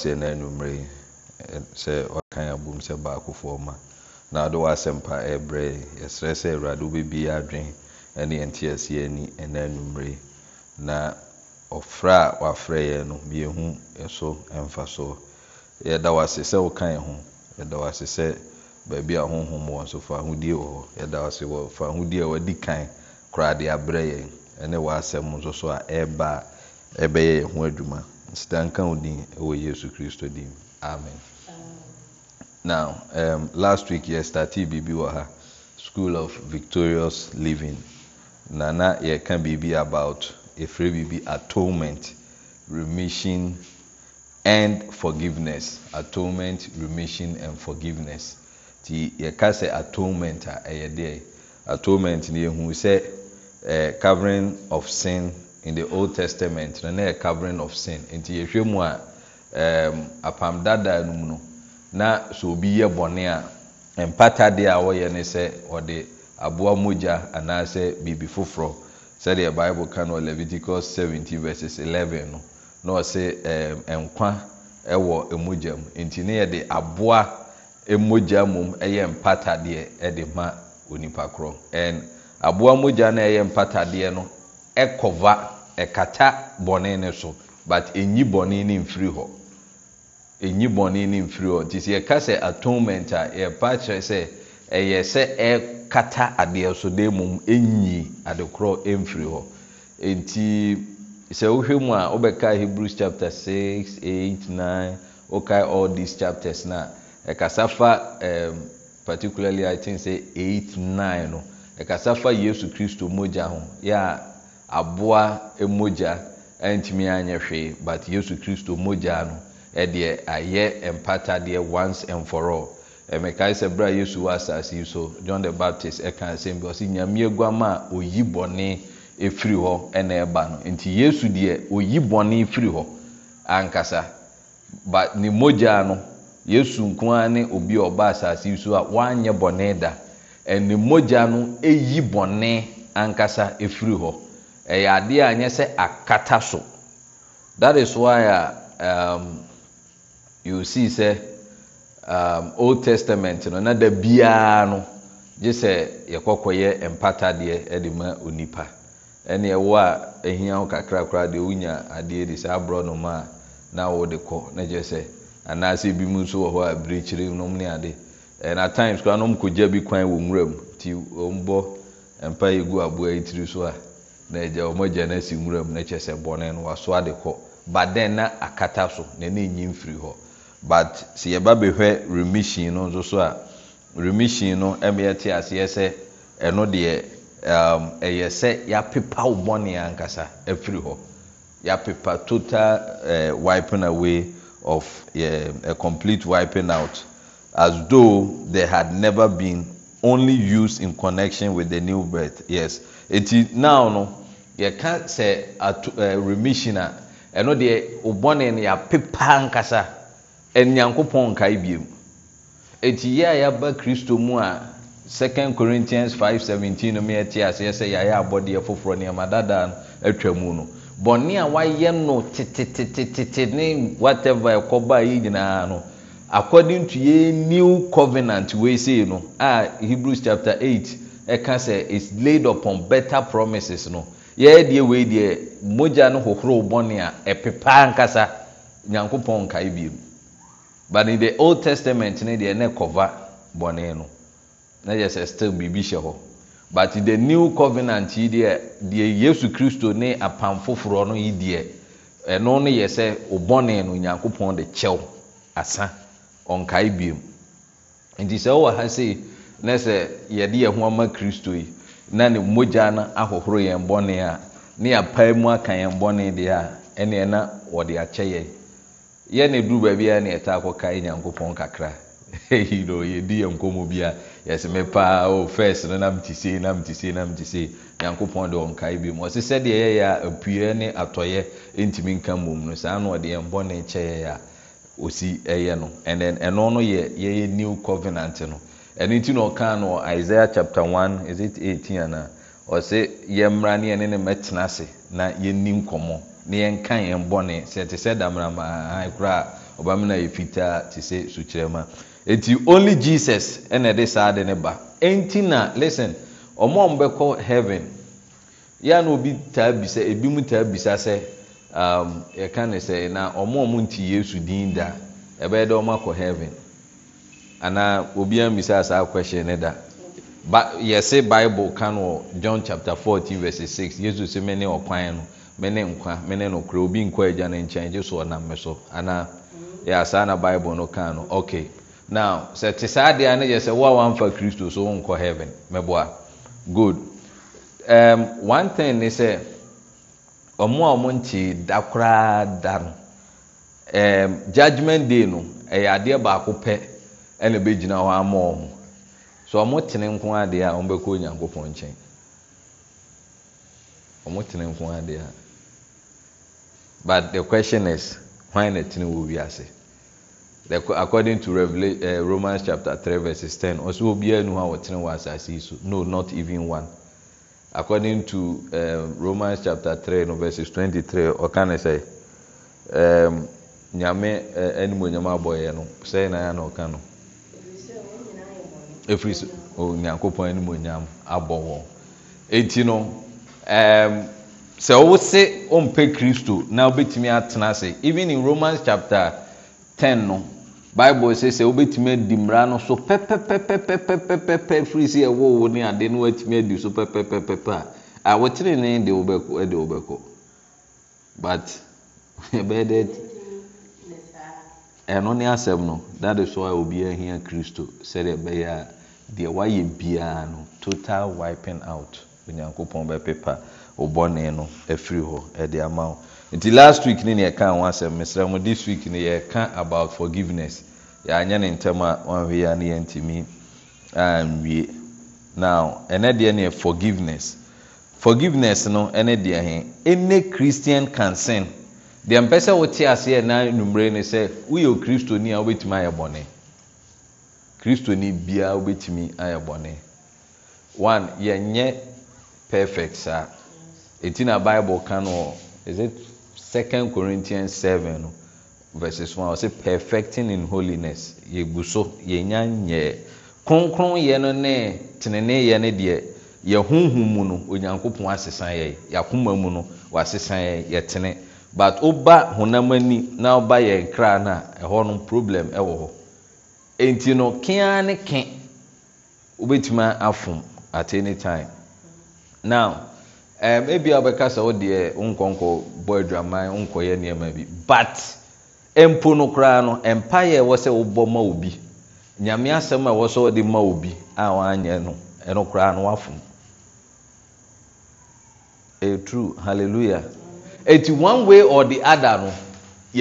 aseɛ no anwummerɛ e, sɛ ɔkan abom sɛ na wode w'asɛmpa ɛbrɛ yɛsrɛ sɛ awurade wobɛbie adwene ne ɛna na ɔfrɛ a wafrɛ yɛ no ɛso yɛda sɛ ho yɛda a honhom wɔ nso fa ahodie wɔ hɔ yɛda fa ahodie a wadi kan de abrɛ yɛn ɛne w'asɛm nso so a ɛbɛyɛ yɛn ho sidankawodin wɔ yesu khristo dim amen now um, last week yɛ statei biribi wɔ ha school of victorious living nana yɛka biribi about yɛfiri biribi atonement remission and forgiveness atonment remission and forgiveness ti yɛka sɛ atonement a ɛyɛ deɛ atonment ne yɛhuu sɛ eh, coverin of sin in the old testament na na yɛ covering of sin nti yɛhwɛ mu a um, apam dada no mu no na sɛ obi yɛ bɔne a mpata deɛ a wɔyɛ ne sɛ wɔde aboa mogya anaasɛ biribi foforɔ sɛdeɛ bible ka no leviticus 17 verses 11 no na ɔse um, nkwa wɔ mogya mu nti ne yɛde aboa mogya mmom yɛ mpatadeɛ de ma onipa korɔ and aboa mogya no ɛyɛ mpatadeɛ no ɛkɔva ɛkata bɔne ne so but ɛnyi bɔne ne mfiri hɔ ɛnyi bɔne ne mfiri hɔ nti sɛ yɛka sɛ atonement a yɛpa kyerɛ sɛ ɛyɛ sɛ ɛkata adeɛ so de mmom ɛnyi adekorɔ ɛmfiri hɔ nti sɛ wohwɛ mu a wobɛka hebrews chapter six eight nine, wokae all these chapters na a ɛkasa fa um, particularly i think sɛ 8 9 no ɛkasa fa yesu kristo mogya ho yɛ a aboa mogya ntumi anyɛ hwee but yesu kristo mogya no ɛdeɛ ayɛ mpatadeɛ once and for all mekae sɛ berɛ a yesu wɔ asase yi so john the baptist ɛka asɛm bi ɔsɛ nyameɛ guama a oyi bɔne ɛfiri hɔ ɛna ɛba no nti yesu deɛ oyi bɔne firi hɔ ankasa but ne mogyaa no yesu nko ara ne obi a ɔba asase yi so a wanyɛ bɔne da ɛne mogya no eyi bɔne ankasa ɛfiri hɔ ɛyɛ adeɛ a nyɛ sɛ akata so thatis wy a um, yɛsii sɛ um, old testament no na da biara no gye sɛ mpata mpatadeɛ ɛde ma onipa ɛne ɛwɔ a ahia ho kakrakora deɛ wonya adeɛ de sɛ aborɔ no ma a na wode kɔ na gye sɛ anaasɛ ebi mu nso wɔ hɔ a birikyiri nom ne ade ɛna times koraa no mkɔgya bi kwan wɔ nwura mu nti ɔmbɔ mpa yɛgu aboa yɛtiri so a na ɛgya wɔn agya no asi nwura mu na kyerɛ sɛ bɔne no waso ade kɔ but then na akata so na ne nyi mfiri hɔ but sɛ yɛba bɛhwɛ remission no nso so a remission no ɛmɛ yɛte aseɛ sɛ ɛno deɛ um, ɛyɛ sɛ yɛapepa wo bɔne ankasa afiri hɔ yɛapepa total uh, wiping away of uh, a complete wiping out as though they had never been only used in connection with the new birth yes eti now no. yɛka sɛ remission a ɛno deɛ wobɔne no yɛapepaa nkasa ɛnyankopɔn nkae biemu ɛnti yɛ a yɛaba kristo mu a 2 corinthians 517 no meyɛte ase yɛ sɛ yɛayɛ abɔdeɛ foforɔ nneɛma dadaa no atwa mu no bɔne a wayɛ no tetetete ne whatever ɛkɔbaa yi nyinaa no according to y'e new covenant wei sei no a hebrews chapter 8 ɛka sɛ it's laid upon better promises no yɛyɛ deɛ wei deɛ mogya no hohoro bɔne a ɛpepaa nkasa nyankopɔn nkae biem but in the old testament no deɛ ne kɔva bɔne no na yɛ sɛ still biribi hyɛ hɔ but the new covenant yi deɛ deɛ yesu kristo ne apam foforɔ no yi deɛ ɛno no yɛ sɛ ɔbɔne no nyankopɔn de kyɛw asa ɔnkae biem nti sɛ wowɔ ha sei ne sɛ yɛde yɛ ho ama kristo yi na ne mogya no ahohoro yɛn bɔne a ne yɛpae mu aka yɛn bɔne deɛ a ne na ɔde akyɛ yɛ yɛne duruu baabia ne ɛtakɔ kae nyankopɔn kakrayɛdi yɛnkmmɔ bi a yɛsme paa firs no namtesentsntsi nyankopɔn de ɔkae bi mu ɔse sɛdeɛ yɛyɛ a apuea ne atɔyɛ ntumi nka mom no saa no ɔde yɛ bɔne kyɛɛ a ɔsi yɛ no n ɛno no yɛ yɛyɛ new covenant no ɛno na ɔkaa no chapter 1 is it 18 ana ɔsɛ yɛmmra ne ne na yɛnni nkɔmmɔ na yɛnka yɛn bɔne sɛ te sɛ yɛ fitaa te sɛ sukyerɛma na listen ɔmo a na obi taa bisa ebi mu taa bisa sɛ ne sɛ na ɔmo a ɔmo nti yesu din da ɛbɛyɛ dɛ ɔmo akɔ ana obiara mbisa saa question ne da ba yɛse bible ka wɔ john chapter fourteen verse six yesu sɛ mene ɔkwan no mene nkwa mene nokora obi nkɔ agya ne nkyɛn gye so ɔnam me so anaa yɛ asaa na bible no ka no okay now sɛ te saa deɛ no yɛ sɛ wo a wamfa kristo so wonkɔ heaven mɛboa good um, one thing ne sɛ ɔmo a ɔmo nkyee da koraa da no um, judgment day no ɛyɛ adeɛ baako pɛ ɛne bɛgyina hɔ ama ɔmo so ɔmo tene nko adeɛ a ɔmbɛkɔ onyankopɔn nkyɛn ɔmo tene nko adeɛ a but the question is why na tene wɔ wiase the according to Revelation uh, eh, Romans chapter three verse ten ɔsɛ obiara nu hɔ a wɔtene wɔ asase yi so no not even one according to um, Romans chapter three no verse twenty-three ɔka ne sɛ um, nyame ɛnumonyam eh, abɔ yɛ no sɛɛ na ya na ɔka no. ɛfiri so onyankopɔn anom onyam abɔ wɔn ɛnti no sɛ wo se kristo na wobɛtumi atena ase even in romans chapter 10 no bible sɛ sɛ wobɛtumi adi no so pɛpɛpɛpɛpɛpɛpɛ firi sɛ ɛwɔ wo ne ade no adi so pɛpɛpɛpɛpɛ a a ne de wobɛkɔ but ɛbɛyɛ dɛ ɛno ne asɛm no thates wy ɔbiaahia kristo sɛde bɛyɛ a deɛ wayɛ biaa no total wipen out onyankopɔn bɛpepa obɔne no afiri hɔ de ma o nti last week ne neɛka o asɛm mesrɛm this week ne yɛka about forgiveness yɛayɛ ne ntm a n ɛtmi enndeɛnɛ forgiveness forgiveness no ne dehe ɛnɛ christian consent deɛ mpɛ sɛ wote aseɛ na numere ne sɛ woyɛ okristoni a wobɛtumi ayɛ bɔne kristoni biara wobɛtumi ayɛ bɔne one yɛnyɛ perfect saa eti na bible ka no it second corinthians seven no verses 1 ɔsɛ perfecting in holiness yɛgu so yɛnya nyɛɛ kronkron yɛ no ne tenene yɛ no deɛ yɛ honhum mu no onyankopɔn asesa yɛ yɛakoma mu no wasesa yɛ yɛtene but ụba honam ani na ọba yɛ nkra no a no problem wɔ hɔ ɛnti no kea ne ke wobɛtumi afom at any time now ebia wobɛka sɛ nkọ wonkɔnkɔ bɔ adwaman wonkɔyɛ na bi but mpo no koraa no mpayɛ wɔ sɛ wobɔ ma obi nyame asɛm a sɛ ma obi a no ɛno eh, koraa no ɛti one way or the other no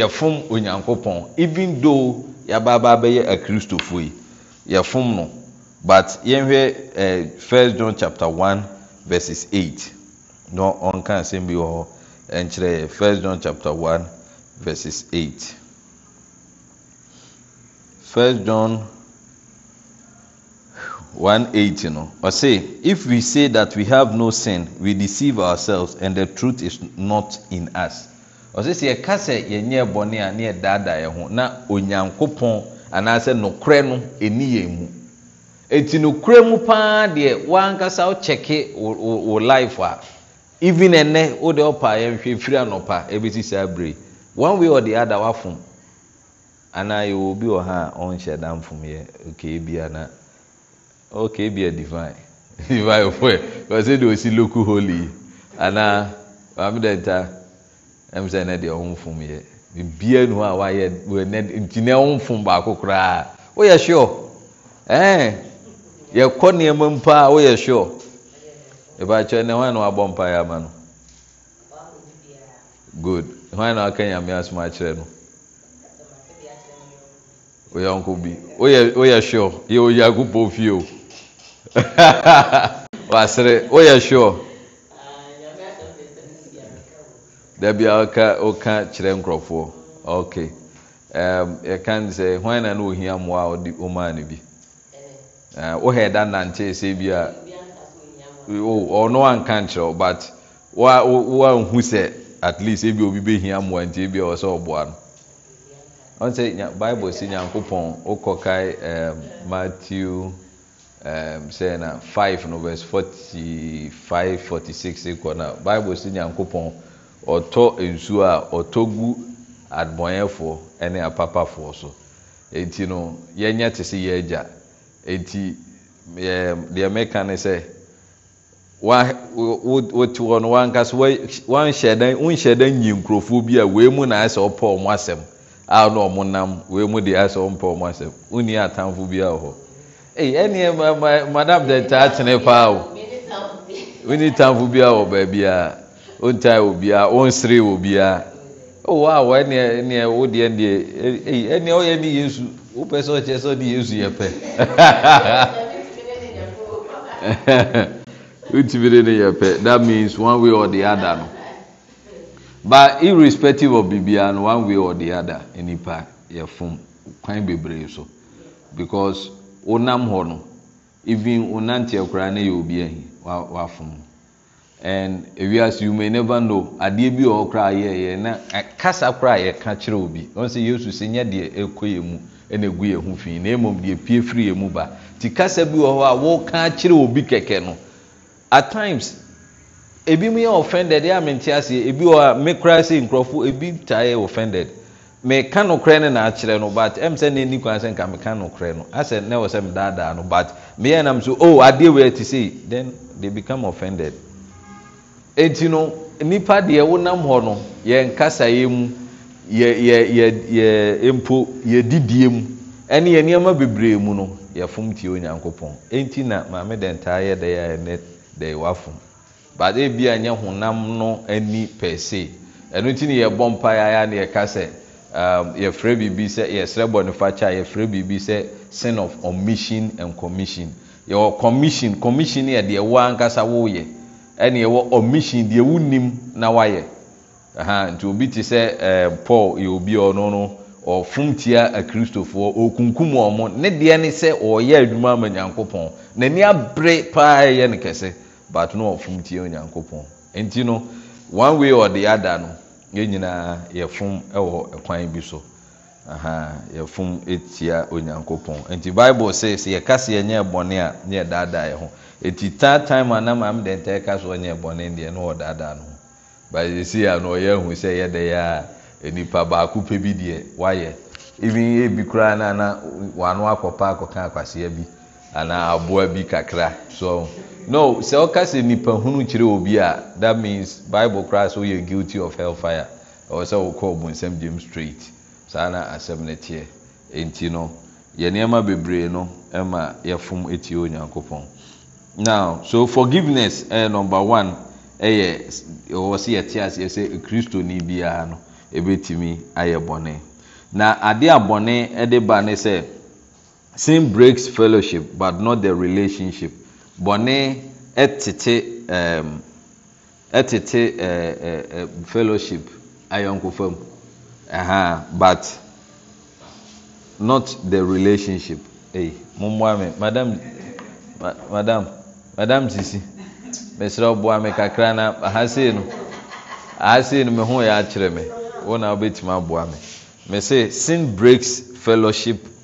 yɛfom onyankopɔn even though yɛabaabaa bɛyɛ akristofo yi yɛfom no but yɛnhwɛ first john chapter one verses eight na ɔnka asɛm bi wɔ hɔ ɛnkyerɛ yɛ first john chapter one verses eight first john. 180 no ɔse if we say that we have no sin we deceive ourselves and the truth is not in us ɔse sɛ yɛka sɛ yɛnyɛ bɔne a ne yɛdaadaa yɛ ho na onyankopɔn anaasɛ nokorɛ no ɛni yɛn mu ɛti nokorɛ mu paa deɛ woankasa wokyɛke wo life a even ɛnɛ wode ɔpa yɛnhwɛ firi anɔpa ɛbɛsi saa berɛ one way or the other woafom anaa yɛwɔ obi wɔ ha a ɔnhyɛ da mfomyɛ okay bi ana okay be a divine divine of where because say do si local holy ana maame de nta ɛm sɛ de deɛ ɔmo fom yɛ bibia nu a wayɛ ɛnɛ nti na ɛmo fom baako koraa woyɛ sure ɛn yɛkɔ nneɛma mpa a woyɛ eh, oh, oh, oh, sure ebakyɛ ne hwan na wabɔ mpa yɛ ama no good hwan na waka nyame asoma akyerɛ no oyɛ nko bi woyɛ sure yɛ oyɛ akopɔ fie o. wasere woyɛ sure da bia woka kyerɛ nkurɔfoɔ ok yɛka ne sɛ hwan na ne ɔhia mmoa a ɔde ɔmaa bi wohɛ sɛ bi a ɔno anka nkyerɛ but sɛ at least ebi obi bɛhia mmoa nti ebi a ɔwɔ ɔboa no ɔn sɛ bible oh, Um, say na 5 no vs 4546 kɔ no bible sɛ nyankopɔn ɔtɔ nsu a ɔtɔ gu adbɔyɛfoɔ ne apapafoɔ so ɛnti no yɛnyɛ te se yɛ agya ɛnti um, deɛ meka ne sɛ wote hɔ no wankas wonhyɛ da nyi nkurɔfoɔ bi a wee mu na ɛsɛ ɔpɛ ɔ asɛm a na ɔmo nam wei mu deɛ ɛsɛ ɔmpɛ ɔ mo asɛm wonni atamfo biaa wɔ hɔ ɛneɛ uh, madam dɛntaa tene paa o woni tamfo biaa wɔ baabiaa ɔntae wɔ biaa ɔnseree wɔ biaa owa ɛneɛ wo deɛ deɛ ɛneɛ woyɛ ne yesu wopɛ sɛ ɔkyerɛ sɛ ɔde yesu yɛ pɛ wotumi de ne yɛ pɛ that means one way or the other no but irrespective of biribiara no one way or the other nipa yɛ fom kwan bebree so because wonam hɔ no even wonante akora no yɛ obi ahi wafom and ewiase you may never know adeɛ bi wɔ hɔ koraa yɛ na kasa koraa yɛ ka kyerɛ obi wɔn sɛ yesu sɛ nyɛ deɛ ɛkɔ yɛ mu ɛna egu yɛ ho fi na emom deɛ pie firi yɛ mu ba ti kasa bi wɔ hɔ a wɔka kyerɛ obi kɛkɛ no at times ebi mu yɛ offended yɛ amente aseɛ ebi wɔ a mekura se nkurɔfo ebi taa yɛ offended meka nokorɛ no naakyerɛ no but m sɛ ne ni kwan sɛ nka meka nokorɛ no asɛ ne wɔ sɛ medaadaa no but meyɛ nam so o oh, adeɛ wei ate sei then they become offended eti no nnipa deɛ wonam hɔ no yɛ nkasaeɛ mu yɛ mpo yɛdidie mu ɛne yɛ nnoɔma bebree mu no yɛfom tie onyankopɔn eti na maame dɛ ntaa yɛ dɛɛ a ɛnɛ dɛ wafom but ebia nyɛ honam no ani pɛ se ɛno nti ne yɛbɔ mpaeɛ a ne yɛka sɛ Um, yɛfrɛ biribi sɛ yɛsrɛ bɔnefakyɛ a yɛfrɛ biribi sɛ sin of omission and commission yɛwɔ commission commission yɛ deɛ wo ankasa woyɛ ɛne yɛwɔ omission deɛ wonim na woayɛ nti obi te sɛ um, paul yɛ obi ɔno no ɔfom tia akristofoɔ ɔkunkum wɔ mo ne deɛ ne sɛ ɔyɛ adwuma ama nyankopɔn n'ani abere paa ɛyɛ no kɛse but no ɔfom tia onyankopɔn nti no one way or the other no yɛn nyinaa yɛfom wɔ kwan bi so yɛfom tia onyankopɔn nti bible se sɛ yɛka se yɛnyɛ bɔne a ne yɛdaadaa yɛ ho eti taa time anam am maame dɛn ta ɛka so ɔnyɛ bɔne deɛ ne wɔdaadaa no ho but ɛsi a na ɔyɛ ahu sɛ yɛde yɛ a nipa baako pɛ bi deɛ wayɛ ebi ebi koraa na na wano akɔpa akɔka akwasia bi. anaa aboa bi kakra so no sɛ ɔka sɛ nipahunu kyerɛ obi a that means bible koraa so yɛ guilty of hellfire ɛwɔ sɛ wokɔ nsɛm gyem straight saa na asɛm no teɛ ɛnti no yɛ nneɛma bebree no ma yɛfom ɛtie onyankopɔn now so forgiveness ɛyɛ number one ɛyɛ ɛwɔ sɛ yɛte aseɛ sɛ kristoni biara no timi ayɛ bɔnɛ na adi abɔnɛ ɛde ba ne sɛ sin breaks fellowship but not thei relationship bɔne tetetete fellowship ayɔnkofamu ɛ but not thei relationshipe momoa me dmadmmadam tisi me serɛ boa me kakra no sei n ahasei no me hoyɛ akyerɛ me wona wobɛtumi aboa me me se sin breaks fellowship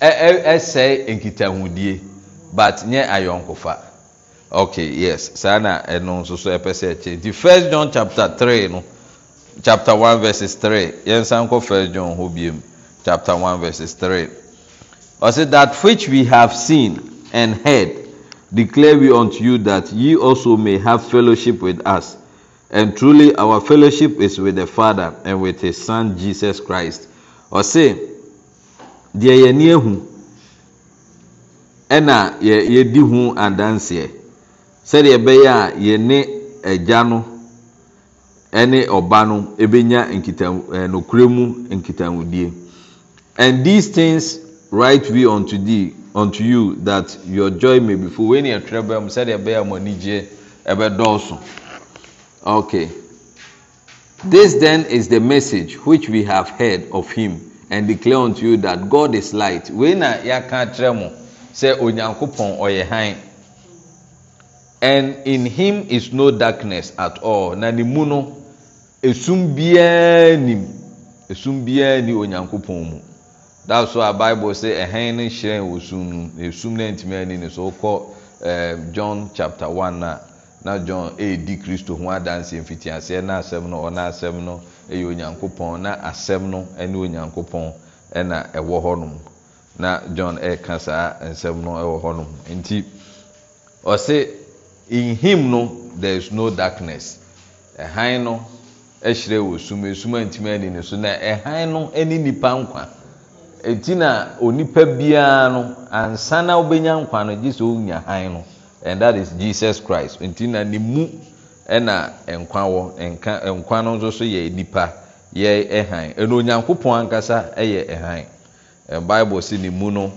ɛsɛe nkitahodie but nɛ ayɔnkofa ys saa na ɛno soso pɛ sɛ kyi nti firs john chapte 3 no chapte 1 vrse3 yɛnsankɔ firs john ho biem chapter 1 v3 ɔse that which we have sen and head declare bi unto you that ye also may have fellowship with us and truly our fellowship is with the father and with his son jesus christ s deɛ yɛni ehu ɛna yɛ yɛdi ho adanseɛ sɛdeɛ ɛbɛyɛ a yɛne ɛgya no ɛne ɔba no ɛbɛnya nkitam ɛnokure mu nkitamudie and these things right we unto thee unto you that your joy may be full wei ni ɛtwerɛ bɛn mu sɛdeɛ ɛbɛyɛ mo ani ɛbɛdɔɔso okay this then is the message which we have heard of him. declare ɔnto you that god is light wei na yɛaka akyerɛ mo sɛ onyankopɔn ɔyɛ hann ɛn in him is no darkness at all na ne mu no ɛsum biaa nim ɛsum biaa nni onyankopɔn mu da so a bible sɛ han no hyerɛn wɔsum no neɛsum no antimi ani ne sɛ wokɔ eh, john chapte 1 a na john ɛɛdi e kristo ho adanseɛ mfitiaseɛ e na asɛm no ɔna e asɛm no yɛ onyankopɔn na asɛm no ne onyankopɔn ɛna ɛwɔ hɔnom na john ɛɛka saa nsɛm no wɔ hɔnom nti ɔse in him no there is no darkness ɛhan no hyerɛ wɔ sum ɛsum antimi ani ne so na ɛhan no ne nnipa nkwa ɛnti na onipa biara no ansa na nkwa no gye sɛ wonya hann no and that is jesus christ nti na ne mu ɛna nkwa wɔ nkwa no nso so yɛ nipa yɛ ɛhan ɛna onyankopɔn ankasa ɛyɛ ɛhan bible si ne mu no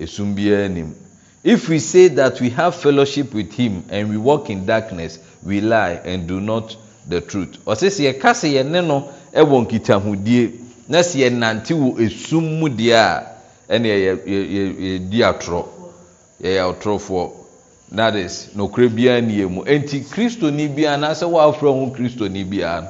esum biara nim if we say that we have fellowship with him and we walk in darkness we lie and do not the truth ɔsɛ sɛ yɛka sɛ yɛne no ɛwɔ nkitahudie na sɛ yɛnante wɔ esum mu deɛ a ɛna yɛ yɛ yɛ di atorɔ yɛ yɛ atorɔfoɔ. thatis nokorɛ biara nniɛ mu ɛnti kristoni biaa anaasɛ woafrɛ ho kristo ni biara no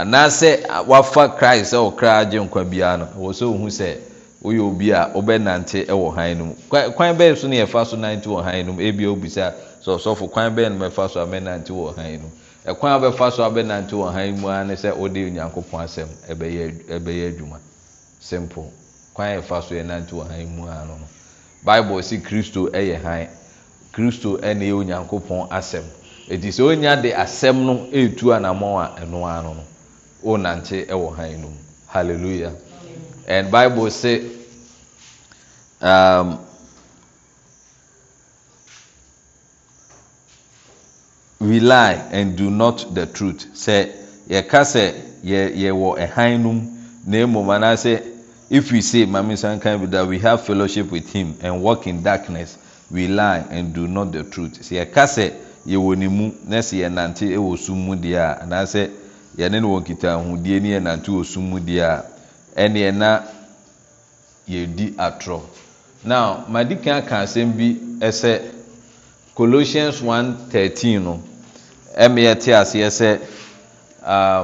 anaasɛ woafa christ sɛ ɔkraa gye nkwa biara no ɛwɔ sɛ wohu sɛ woyɛ obi a wobɛnante wɔ hann no mu kwan bɛɛ so no yɛfa so nante wɔ hann no mu ebia wobisa sɛ ɔsɔfo kwan bɛɛ no mɛfa so a mɛnante wɔ hann no mu ɛkwan a wobɛfa so a wobɛnante wɔ hann mu ara ne sɛ wode onyankopɔn asɛm ɛbɛyɛ adwuma simple kwan a yɛfa so yɛnante wɔ hann mu ara no no bible si kristo yɛ khristo ɛne onyankopɔn asɛm ɛti sɛ wonnya de asɛm no ɛtu anamma a ɛnoa no no ornante wɔ hann no m halleluja ɛnd bible sɛ um, welie and do not the truth sɛ yɛka sɛ yɛwɔ hann no m ne mom anaasɛ if we sei mamesankan bi tha we have fellowship with him and work in darkness we lie and do not the truth sɛ yɛka sɛ yɛwɔ ne mu na sɛ yɛnante wɔ sum mu deɛ a anaasɛ yɛne ne wɔ nkitahodie ne yɛnante wɔ sum mu deɛ a ɛneɛ na yɛdi atorɔ now madi kan ka asɛm bi ɛsɛ Colossians 1:13 no ɛmɛ yɛte aseɛ sɛ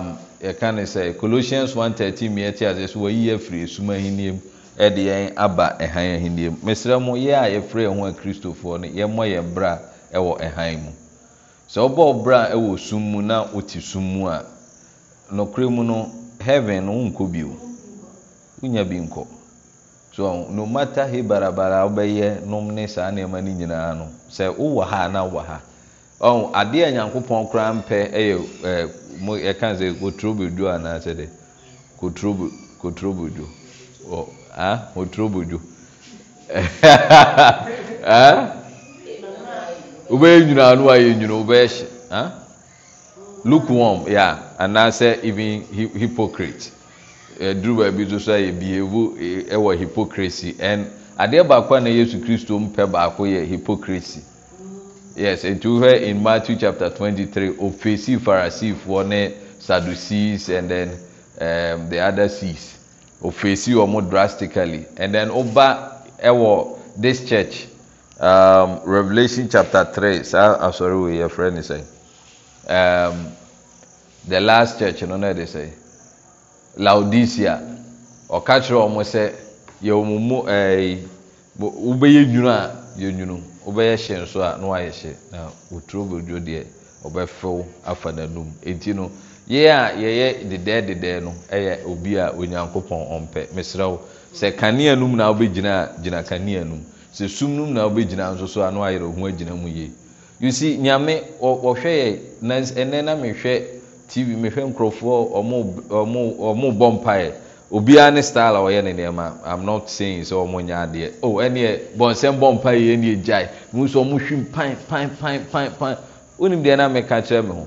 um, yɛka ne sɛ Colossians 1:13 mɛ yɛte aseɛ sɛ wɔyi yɛ firi esum ahinie mu. ɛde yɛn aba ɛhan ahenniɛ mu mesrɛ mu yɛ a yɛfrɛ yɛn ho a kristofoɔ no yɛmmɔ yɛ brɛ ɛwɔ ɛhan mu sɛ wobɔ bra a ɛwɔ sum mu na wote sum mu a nokorɛ mu no heaven no wonkɔ bio wonya bi nkɔ so no mata he barabara wobɛyɛ nom ne saa nnoɔma no nyinaa no sɛ wowɔ ha na wowɔ ha adeɛ a nyankopɔn koraa mpɛ yɛ yɛka sɛ anaasɛ hoturobodwu ah, ah? wobɛɛ nwunua no wayɛ nwunu wobɛɛ hy ah? lok om yɛ anaasɛ even hypocrite aduru eh, baabi zo so ayɛ bievu eh, wɔ hypokrisy an adeɛ baako ane yesu kristo mpɛ baako yɛ hipocrisy yes nti wo f in mattew chapter 23 ofesi fariseefoɔ ne saducees and then um, the other seas ofeesi wɔn drastically and then ɔba ɛwɔ this church um, Revelation chapter three saa asɔre wɔ yɛ frɛ ne sɛ um, the last church no na yɛ de sɛ Laodicea ɔka kyerɛ wɔn sɛ yɛ wɔn mu ɛɛ wobɛyɛ nwunu a yɛ nwunu wobɛyɛ hyɛ nso a na wayɛ hyɛ na woturo bɛ dwo deɛ ɔbɛfɛw afa n'anum eti no yɛ a yɛyɛ dedɛɛdedɛɛ no yɛ obi a onyankopɔn ɔmpɛ mesrɛ wo sɛ kanea nom na wobɛgyina a gyina kanea nom sɛ sum nom na wobɛgyina nsoso ano ayerɛ oho agyina mu yie us nyame ɔhwɛ yɛ ɛnɛ na mehwɛ tv mehwɛ nkurɔfoɔ ɔmo bɔ mpaeɛ obiara ne style a ɔyɛ ne nneɛma i'm not saying sɛ ɔmo nyɛ adeɛ o oh, ɛneɛ bɔnsɛm bɔ mpaeɛ yɛ ne gyae mo nso ɔmo hwim pan pan pan pan pan onim deɛ na meka kyerɛ me ho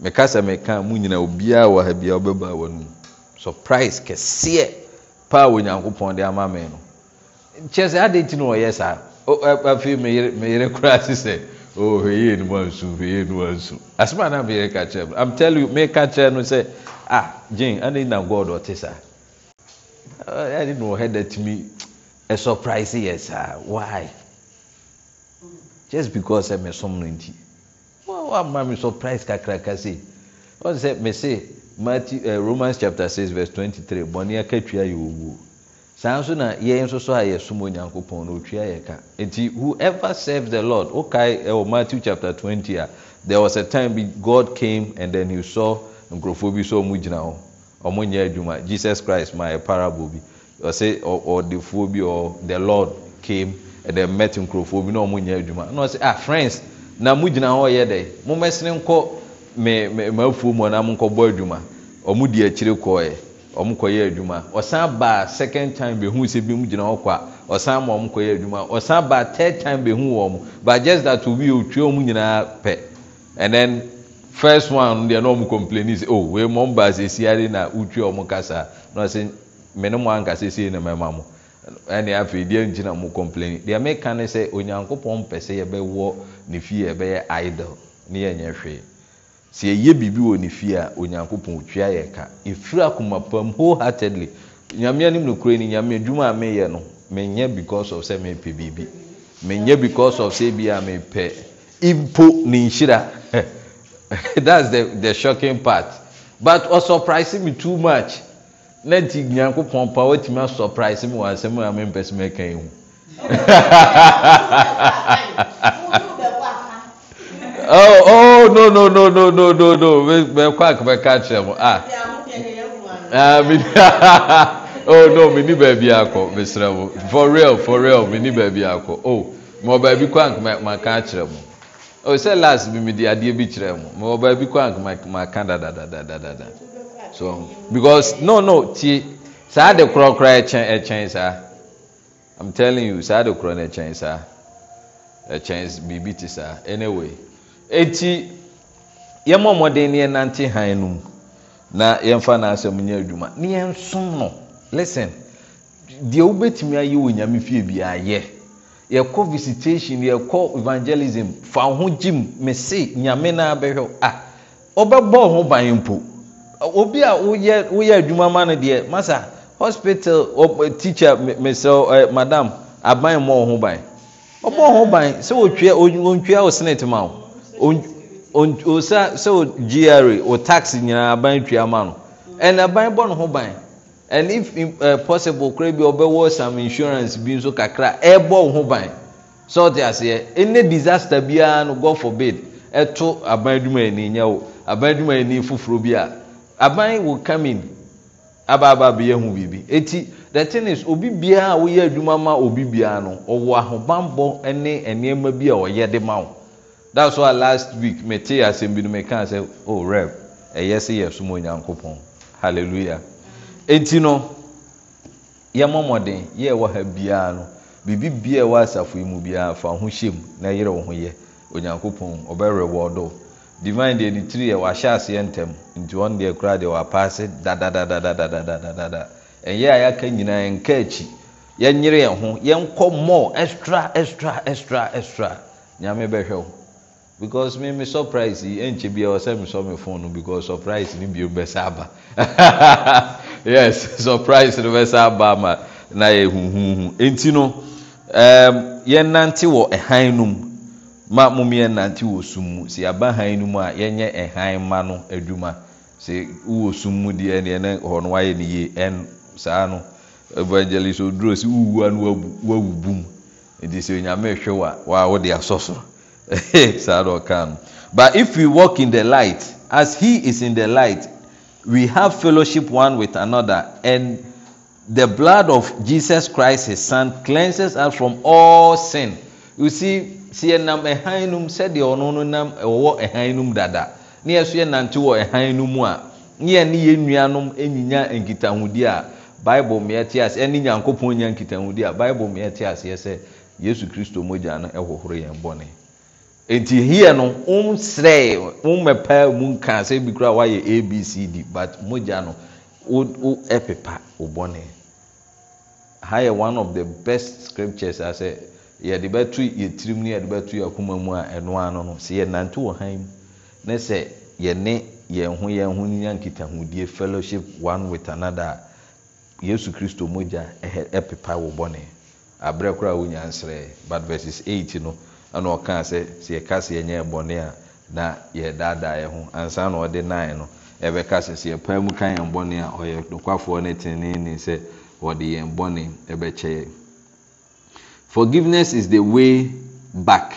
meka sɛ meka mu nyina obiaa wɔ ha biaa wobɛbaa w'anomu surprise kɛseɛ paa onyankopɔn de ama mee no nkyerɛ sɛ adɛn nti ne wɔyɛ saa afei meyere koraa se sɛ oh, hwɛyie no wansu hwɛyie no wansu asoma na meyere ka kyerɛ no I'm telling you meka kyerɛ no sɛ ah Jane adɛn na God ɔte saa adɛn na ɔhɛ da tumi surprise yɛ saa why just because sɛ mesom no nti wama me surprise kakraka sei ɔn sɛ me se Matthew uh, Romans chapter six verse twenty-three Boni akatwia yɛ owuo saa nso na yɛn nso so a yɛsom onyankopɔn na otwia yɛ ka nti whoever serves the Lord okae ɛwɔ uh, Matthew chapter twenty a there was a time be God came and then he saw nkurɔfoɔ bi so ɔmo gyina hɔ ɔmo nyɛ adwuma Jesus Christ ma yɛ parable bi ɔsɛ ɔdefoɔ bi ɔ the Lord came and then met nkurɔfoɔ bi na ɔmo nyɛ adwuma na ɔsɛ ah friends. na mu mogyina hɔ yɛ dɛ momɛsene nkɔ maafuo mu anaa monkɔbɔ adwuma ɔmo de akyire kɔɔɛ ɔmokɔyɛ adwuma ɔsan baa second time bɛhuu sɛ bi mu gyina hɔ kɔ a ɔsan ma ɔmokɔyɛ adwuma ɔsan baa third time bɛhu wɔ m but just that obi ɔtwa ɔmo nyinaa pɛ and then first one deɛ na ɔmo complaini sɛ oh wei mo mbaa sɛ siade na wotwa ɔmo kasa na ɔsɛ me ne mo ankasa sie na mɛma mo ɛne afei deɛ ngyina mu complain deɛ meka ne sɛ onyankopɔn mpɛ sɛ yɛbɛwɔ ne fie yɛbɛyɛ idol ne yɛnyɛ hwee sɛ yɛyɛ biribi wɔ ne fie a onyankopɔn ɔtua yɛ ka ɛfiri akoma pam wholeheartedly nyame anim nokorɛ ni nyame adwuma a meyɛ no menyɛ because of sɛ mepɛ biribi menyɛ because of sɛ bi a mepɛ mpo ne nhyira that's the, the shocking part but ɔsurprise me too much na nti nyankopɔn pa watumi asɔprise mu wɔ asɛm a mempɛ sɛ mɛka yi ho oh oh no no no no no no no mɛkɔ akɛbɛka kyerɛ mo ah ah mi oh no mi ni baabi akɔ mesrɛ mo for real for real mi ni baabi akɔ oh mɛ ɔbaabi kɔ akɛmɛka kyerɛ mo oh sɛ last bi mi di adeɛ bi kyerɛ mo mɛ ɔbaabi kɔ akɛmɛka dadadadadada. becausenono nti saa de korɔ kora kyɛn saa im tellin you saa de korɔ no kyɛn saa kyɛ biribi te saa anway nti yɛmɔmɔden ne yɛnante hann no mu na yɛmfa no asɛm nya adwuma ne yɛnsom no listen deɛ wobɛtumi ayi wɔ nyame fie bi ayɛ yɛkɔ visitation yɛkɔ evangelism fawo ho gye m me se nyame no a bɛhwɛ a ah, ɔbɛbɔ ho bane mpo obi a woyɛ woyɛ adwuma ma no deɛ masa hospital teacher mesrɛ madam aban mmɔ wo ho ban ɔbɔ wo ho ban sɛ wotwea ontwea wo senate ma wo sɛ wo gra wo tax nyinaa aban twea ma no ɛn aban bɔ ne ho ban and if possible koraa bi ɔbɛwɔ some insurance bi nso kakra ɛbɔ wo ho ban sɛ ɔte aseɛ ɛnɛ disaster biara no god forbid ɛto aban adwuma ani nyɛ wo aban adwuma ani foforɔ bi a aban will come in abaaba abɛyɛ ho biribi eti the thing is obi biara a woyɛ adwuma ma obi biara no ɔwɔ ahobanbɔ ne nneɛma bi a ɔyɛ de ma wo that's why last week mete asɛm bi no meka sɛ oh rev ɛyɛ sɛ yɛ som onyankopɔn hallelujah eti no yɛ mɔmɔden yɛ ɛwɔ ha biara no biribi biara ɛwɔ asafo yi mu biara fa ho hyɛ mu na yɛrɛ wɔn ho yɛ onyankopɔn ɔbɛrɛ wɔɔdo. divine deɛ ne tiri ɛ wɔahyɛ ase yɛntɛm nti n deɛ kora deɛ wɔapaase dadda ɛnyɛ a yɛaka nyinaa yɛnka akyi yɛnyere ɛ ho yɛnkɔ mɔ ɛstra ɛst ɛstra ɛstra nyame bɛhwɛw because meme surpriceyi nkyɛ bia wɔ sɛmesɔ me fo no bcuse surprise no biom bɛsɛ abays surprise no bɛsɛ aba ma na yɛ huhuhu ɛnti no yɛnante wɔ hann no m ma momyɛ nante wɔ sum mu si yɛaba hann no mu a yɛnyɛ hann ma no adwuma sɛ wowɔ sum mu deɛ neɛ ne hɔ no wayɛ no yie ɛn saa no evangelist oduro sɛ wowua no wawu bum nti sɛ onyame hwɛ wo a waa wode asɔ so saa na ɔka no but if we walk in the light as he is in the light we have fellowship one with another and the blood of jesus christ his son cleanses us from all sin osi si yɛnam ɛhan nom sɛdeɛ ɔno no nam ɛwɔ ɛhan nom dada ne yɛ so yɛnante wɔ ɛhan no mu a ne yɛn ne yɛn nuanom nyinya nkitahodie a bible mmea te ase ɛne nyankopɔn nya nkitahodie a bible mmea te aseɛ sɛ yesu kristo mogya no ɛhohoro yɛn bɔne nti hiɛ no nsrɛ mmɛpa mu nka sɛ bi kora wayɛ abcd but mogya no wo ɛpepa wo bɔne ha yɛ one of the best scriptures a sɛ yɛde bɛto yɛ tirim no yɛde bɛto yɛ akoma mu a ɛno ano no sɛ yɛnante wɔ han mu ne sɛ yɛne yɛn ho yɛn ho nya nkitahodie fellowship one with another a yesu kristo mogya ɛhɛ ɛpepa wɔ bɔne abrɛ koraa wonya nsrɛ but verses eight no ɛna ɔkaa sɛ sɛ yɛka sɛ yɛnyɛ bɔne a na yɛdaadaa yɛn ho ansa na ɔde nine no ɛbɛka sɛ sɛ yɛpae mu ka yɛn bɔne a ɔyɛ nokwafoɔ ne tenenee sɛ ɔde yɛn bɔne ɛbɛkyɛ yɛn Forgiveness is the way back.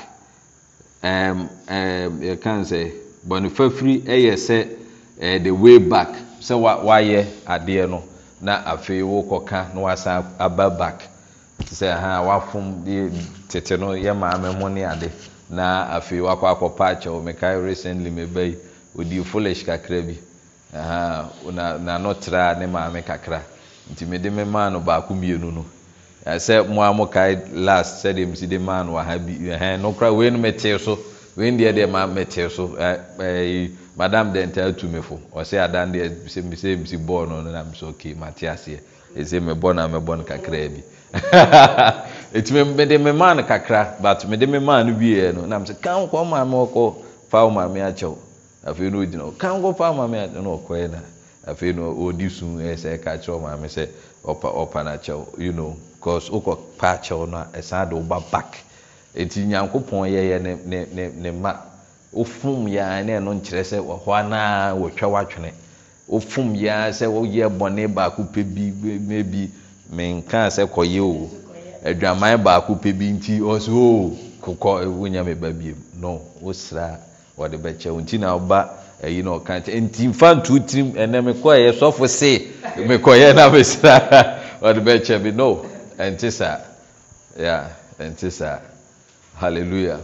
Um, um, you can say, bɔnifafiri yɛ sɛ ɛɛ the way back sɛ wa wayɛ adeɛ eh, no na afei wokɔka na wasan aba back sɛ ha wafom tete no yɛ maame mo ne ade na afei wakɔ akɔpa akyɛw mekae recently meba yi odi foolish kakra bi na n'ano tra ne maame kakra nti mede me maa no baako mmienu no. sɛ mo a m kae las sɛdeɛ meside maa no a bino i mte s eɛeɛ mte somadam dnta atm f ɔsɛ eɛɛ ɔnɛmatsɔnɛɔnkakraaide me maa no kakra mede memaa no biɛ ɔamame akyɛɔɛkɛɔɛ ɔpa nokyɛw because wokɔ paakyɛw no a ɛsan de woba back ɛnti nyankopɔn yɛyɛ ne ma wofom yɛa ne ɛno nkyerɛ sɛ hɔ anaa wɔtwa w'atwene wofom ya sɛ woyɛ bɔne baako pɛ bi mɛbi menkaa sɛ kɔyɛ o adwaman baako pɛ bi nti ɔsɛ o oh, kokɔ wonya meba biem no wo sra wɔde bɛkyɛ wo nti na woba ayi na ɔka nkyɛ nti mfa ntoo tirim ɛnɛ mekɔɛ sɔfo se mekɔyɛ na mesra ɔde bɛkyɛ me no ɛnte saa yeah ɛnte saa hallelujah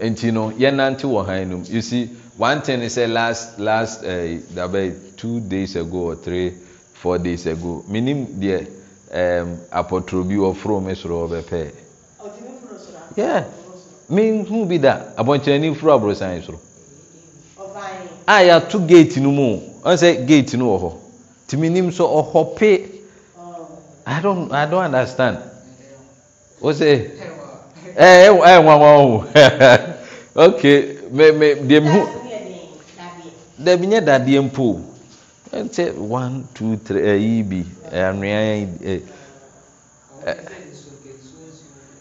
nti no yɛnante wɔ han nom you see one thing is say last last uh, dabe two days ago or three four days ago minim deɛ um, apɔtɔrɔ bi wɔ foro mi soro ɔbɛpɛ yeah mi hu bi da abɔnkyerɛni furu aburosan soro a yɛato gate no mu ɔn sɛ gate no wɔ hɔ tìmí nim so ɔhɔ pee. i don understand wo sɛ wawa oo deɛmh daabinyɛ dadeɛ mpoo nkɛ 2 3ayi bi eh, anea eh.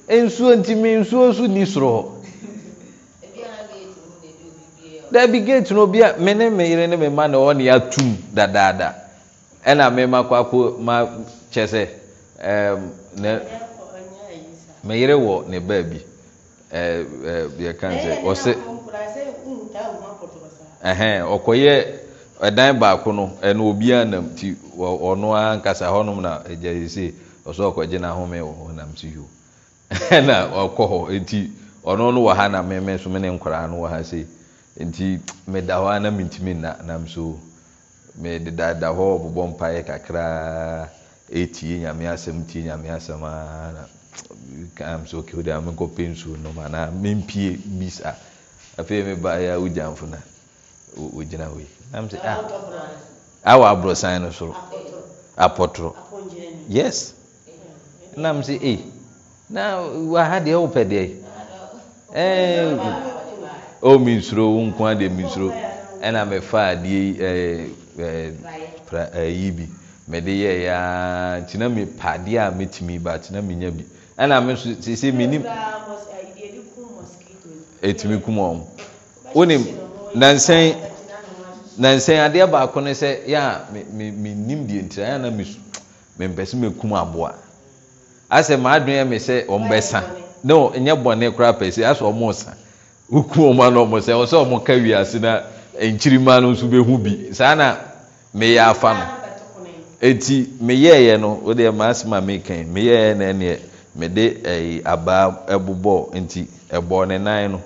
eh, nsuo nti me nsuoso nni soroɔ dabigat nobia me ne meyere ne me mma ne ɔɔneatom dadaada ɛna memakɔ ako ma kyɛ sɛ meyere wɔ ne baabi yɛkan sɛ ɔsɛ ɔkɔyɛ ɛdan baako no ɛna obiaa nam nti ɔno ara nkasa hɔnom na agya sɛ ɔsɛ ɔkɔgye no ahome wɔ hɔ nam so yio ɛna ɔkɔ hɔ nti ɔno no wɔ ha na meme so ne nkwaraa no wɔ ha nti meda hɔ na nam so mededada hɔ ɔbobɔ mpaeɛ kakraa ɛtie nyame asɛm tie nyame asɛm ana am so okay wode a menkɔpɛ nsuo nom anaa mempie bisa afei mebaeɛ a wogyamfo no ɔgyina hɔ yi nam sɛ a ah, ah, wɔ aborɔsan no soro apɔtorɔ yes nam sɛ e na waha deɛ wopɛ deɛ eh, o oh, mensuro wo nko adeɛ mensuro ɛna mefaa adeɛ yi bi mede yɛyɛ a nti na mepa adeɛ a mɛtumi bat na menya bi ɛna me nso sese menim ɛtumi kum ɔm wonim nansɛn nansɛn adeɛ baako ne sɛ yɛ a menim deɛ ntira yɛ a na mempɛ sɛ mekum aboa asɛ maadwene me sɛ ɔmbɛsa no ɛnyɛ bɔne koraa pɛ sɛ asɛ ɔmo sa wokum ɔmo ana ɔmo sɛ ɔsɛ ɔmo ka wiase na nkyirima no nso bɛhu bi saa na meyɛ afa no ɛnti meyɛeɛ no wodeɛ maasema mekan meyɛeɛ na ɛneɛ mede ɛyi abaa ɛbobɔ nti ɛbɔ ne nan no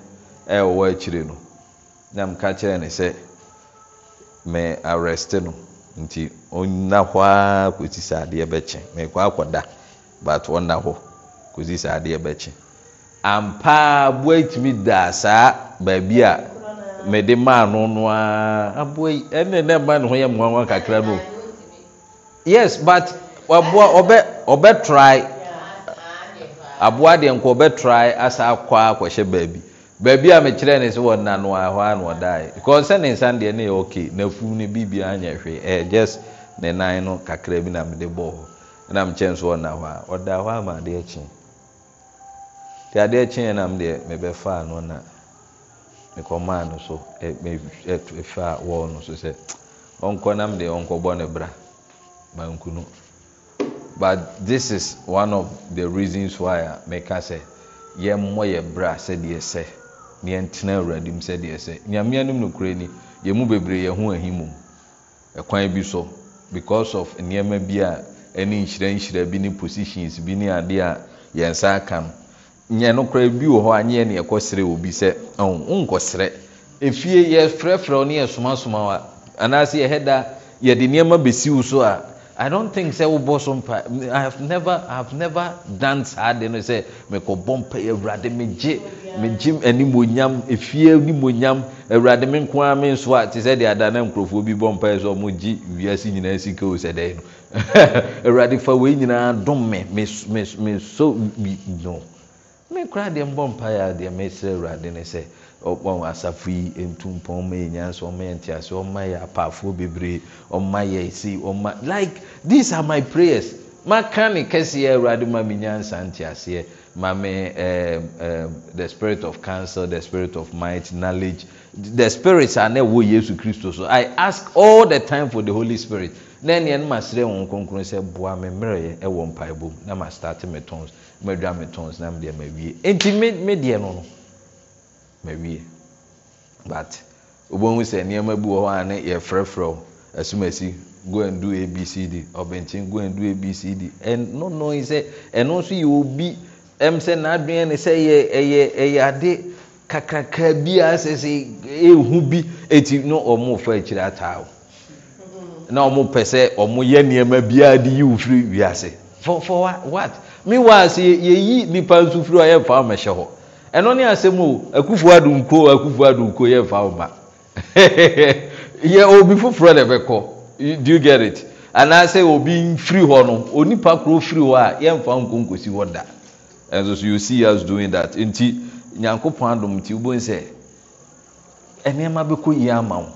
ɛwɔ akyire no na mka kyerɛ ne sɛ me arrest no nti ɔnna hɔ ara kɔsi sɛ adeɛ bɛkyɛ mekɔ akɔda but ɔnna hɔ kɔsi sɛ adeɛ bɛkyɛ ampa aboa tumi da saa baabi a. mede maa no aboa yi ne ne ho no yes but ɔbɛ ɔbɛ try aboa deɛ nko ɔbɛ try asa akɔ akɔhyɛ baabi baabi a mekyerɛ ne sɛ a hɔ a na because ne nsa deɛ ne yɛ okay na ne biribiara anya hwee just ne nan no kakra bi na mede bɔɔ hɔ na hɔ a ɔda hɔ ama adeɛ adeɛ kɔma nsofɔ nsɛ ɔɔnmdeɛɔkɔbɔn bra b tsis e fthe reasons w a mɛka sɛ yɛmmɔ yɛ bra sɛdeɛ sɛ neyɛntena awuradi m sɛdeɛ sɛ nnaneanom nokoani ymu bebree yɛho himo kwan bi so because of nnoɔma bi a ne nhyiranhyira bi ne positions bi ne adeɛ a yɛnsa ka m nyɛ nokora bi wɔ hɔ yɛɛ neɛkɔsere ɔ bi sɛ wonkɔsrɛ ɛfie yɛfrɛfrɛ ne yɛ somasoma w a anaasɛ yɛhɛda yɛde nnoɔma bɛsiwo so a i don't think sɛ wobɔ so have never done saa de no sɛ mekɔbɔ mpa awurade megye animonyam ɛfie nimonyam awurade me nko a me nso a te sɛdeɛ ada na nkurɔfoɔ bi bɔ mpaɛ sɛ ɔmogye wiase nyinaa sikao sɛ dɛn no awurade fa wei nyinaa dom me meso no mekora deɛ mbɔ mpaɛ a deɛ mesrɛ awurade ne sɛ ɔɔ asafo yi ntompɔn ɔma yɛnyansa ɔmayɛ nteaseɛ ɔma yɛ apaafoɔ bebree ɔma yɛ asei ɔma like these are my prayers maka no kɛseɛ awurade ma menyansa nteaseɛ ma me um, um, the spirit of councer the spirit of might knowledge the spirits a ne wɔ yesu kristo so i ask all the time for the holy spirit na ɛneɛ no masrɛ wo kronkron sɛ boa me mmerɛeɛ wɔ mpaebom na start me tons madwa me tons na mdeɛ mawie ɛnti me deɛ no no mawie but wobɛhu sɛ nnoɔma bi wɔ hɔ a ne yɛfrɛfrɛ wo asomasi go and do abcd ɔbɛnkyen go and do abcd ɛno no sɛ ɛno nso yɛ obi ɛm sɛ n'adwene ne sɛ ɛyɛ ɛyɛ ade kakrakra bi a sɛ sɛ ɛhu bi eti no ɔmo fa akyire ataa o na ɔmopɛ sɛ ɔmoyɛ nnoɔma biara de yi wo firi wiase fwhat mewase yɛyi nnipa nso firi a yɛmfa womɛhyɛ hɔ ɛno ne asɛm o akufoɔ adonkoo akufoɔ adonkoo yɛmfa wo ma yɛ obi foforɔ de bɛkɔ do you get it anaasɛ obi mfiri hɔ no onipa korɔ firi hɔ a yɛmfa nkɔnkɔsi hɔ da ɛnso so you see us doing that nti nyankopɔn adom nti wobɛhu sɛ nnoɔma bɛkɔ yie ama wo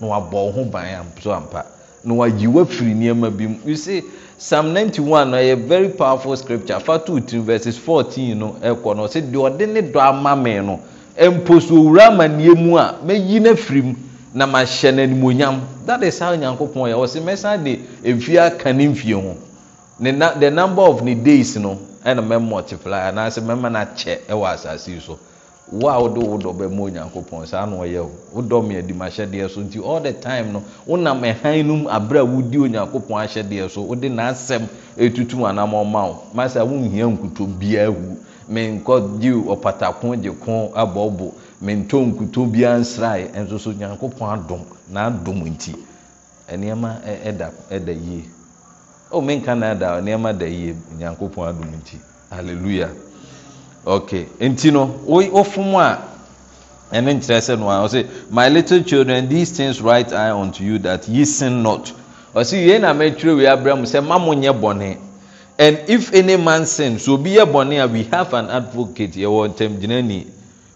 na wabɔ wo ho ban so ampa na wagye wafiri nneɛma bi mu you see psalm ninety one na yɛ very powerful scripture fatu three verses fourteen no ɛkɔ no ɔsɛ deɛ ɔde ne dɔ ama mi no mpo so owura amanneɛ mu a mɛyi na firi mu na mahyɛ no animonyam that is how nyankopɔn yɛ ɔsɛ mɛsan de mfie aka ne mfie ho ne na the number of ne days no ɛna mɛ multiply anaasɛ mɛma na kyɛ ɛwɔ asase yi so. wo a wode wodɔ bɛma onyankopɔn saa na ɔyɛ wo adim ahyɛdeɛ so nti all the time no wonam nom a wodi onyankopɔn ahyɛdeɛ so wode n'asɛm tutum anama ɔma wo masa wonhia nkutɔ biaa hu menkɔ gye ɔpatako gye ko abɔbo mentɔ nkutɔ biaa nsrae so nti oh, da yie na ada nnoɔma da yie nti ok nti no wofom a ɛne nkyerɛ sɛ no a ɔsɛ my little children these things write I unto you that ye sin not ɔsɛ yei na mɛtwerɛ wei abrɛ mu sɛ ma mo nyɛ bɔne and if any man sin so obi yɛ bɔne a we have an advocate yɛwɔ ntam gyina ni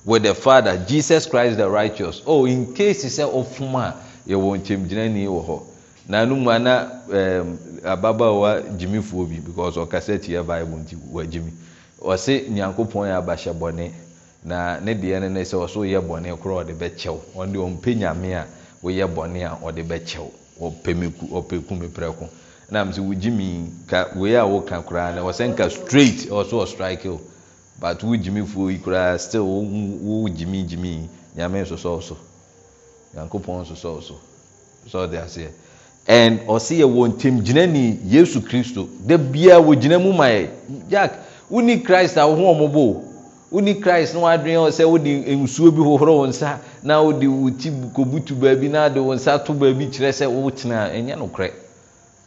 with the father Jesus Christ the righteous oh in case sɛ ɔfom a yɛwɔ ntam gyina ni wɔ hɔ na no mu ana ɛɛm ababaawa gyimifoɔ bi because ɔkasa tia bible nti wɔagyimi ɔse nyankopɔn yɛ abahyɛ bɔne na ne deɛ no ne sɛ ɔso yɛ bɔne korɔ ɔde bɛkyɛw ɔnde ɔmpɛ nyame a woyɛ bɔne a ɔde bɛkyɛw ɔpɛ kumi prɛko nam sɛ wogye mi ka wei a woka koraa no ɔsɛ nka straight ɔso ɔstrike o but wogyimi fuo yi koraa still wogyimi gyimi nyame nso sɔɔ so nyankopɔn nso sɔɔ so sɛ ɔde aseɛ and ɔse yɛ wɔ ntam gyina ni yesu kristo da biaa wɔgyina mu ma yɛ jack woni christ a woho ɔmobɔo woni christ na woadwene ɔ sɛ wode nsuo bi hohoro wo nsa na wode wo ti kɔbutu baabi na wode wọn nsa to baabi kyerɛ sɛ wotena a ɛnyɛ nokorɛ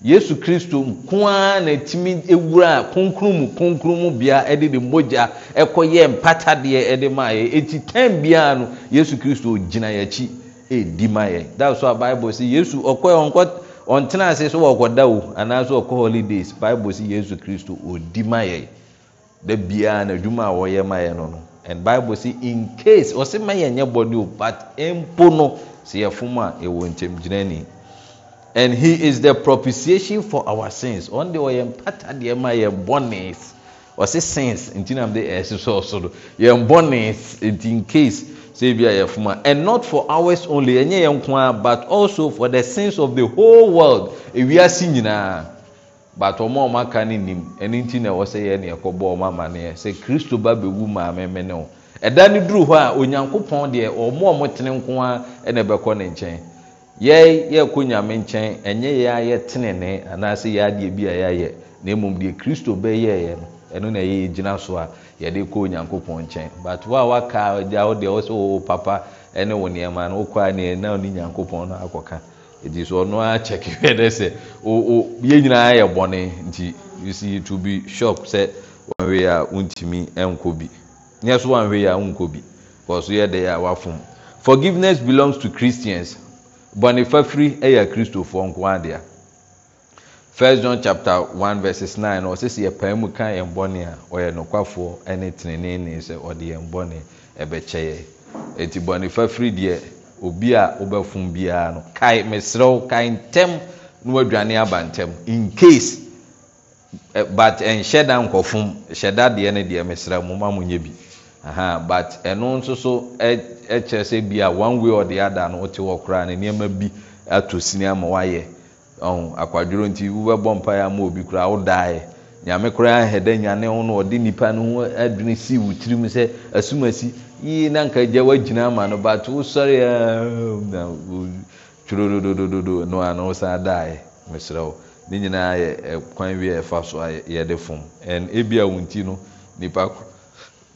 yesu kristo nko ara na tumi mu kronkromu kronkromu bea ɛde de mmogya ɛkɔyɛ deɛ ɛde maayɛ eti tan bia no yesu kristo ɔgyina yɛakyi edi ma yɛ thats why bible sɛ yesu ɔkɔ ɔnkɔ ɔntena ase so wɔkɔda o anaa so ɔkɔ holidays bible sɛ yesu kristo ɔdi ma yɛ da na adwuma a wɔyɛ ma no no and bible say in case ɔsɛ ma yɛ nyɛ bɔde o but mpo no sɛ yɛ fom a ɛwɔ nkyɛn gyina ni and he is the propitiation for our sins ɔn de ɔyɛ mpata deɛ ma yɛ bɔnɛs ɔsɛ sins nti na de ɛsɛ e sɔ ɔsɔ do yɛ bɔnɛs nti in case sɛ bi a yɛ fom a and not for ours only ɛnyɛ yɛn nko ara but also for the sins of the whole world ewia si nyinaa. but ɔma ɔma aka no nim ɛno nti na ɛwɔ sɛ yɛ ne ɛkɔbɔɔ ma amaneɛ sɛ kristo ba bɛwu maa memene ɛda no a onyankopɔn deɛ nko ɛbɛkɔ ne nkyɛn nyame nkyɛn ɛnyɛ anaasɛ adeɛ bi a yɛayɛ na mmom deɛ kristo bɛyɛeɛ no ɛno na ɛyɛ yɛgyina so a yɛde kɔ onyankopɔn nkyɛn but a waka papa ne wo nneɛma ɛti so ɔno ara kyɛke hwɛ dɛ sɛ yɛn nyinaa yɛ bɔne nti si to bi shop sɛ wanwe a wontumi nkɔ bi nyɛ so wanwe a wonkɔ bi kɔso yɛ dɛ a wafom forgiveness belongs to Christians bɔne fafiri yɛ kristofoɔ nko adea First John chapter one verses nine ɔsɛ sɛ yɛpae mu ka yɛn bɔne a ɔyɛ nokwafoɔ ne tenenee ne sɛ ɔde yɛn bɔne ɛbɛkyɛ yɛ ɛti bɔne fafiri obi a wobɛfom biara no kae mesrɛ wo kae ntɛm na wadwane aba ntɛm in case eh, but nhyɛ da nkɔfom hyɛ da deɛ no deɛ mesrɛ mo ma monyɛ bi but ɛno nso so kyerɛ sɛ bi a one way or the other no wote wɔ koraa no nnoɔma bi atɔ sini ama woayɛ akwadworo nti wobɛbɔ mpaeɛ ama obi koraa wodaeɛ nyame koraa ahɛ dɛ nwane ho no ɔde nnipa no ho adwene si wo tirim sɛ asumasi yii na anka gya woagyina ama no but wosɔre tworoodo no a no wo saa daeɛ mesrɛ wo ne nyinaa yɛ kwan wie ɛfa so a yɛde fom ɛn ebia wo nti no nipa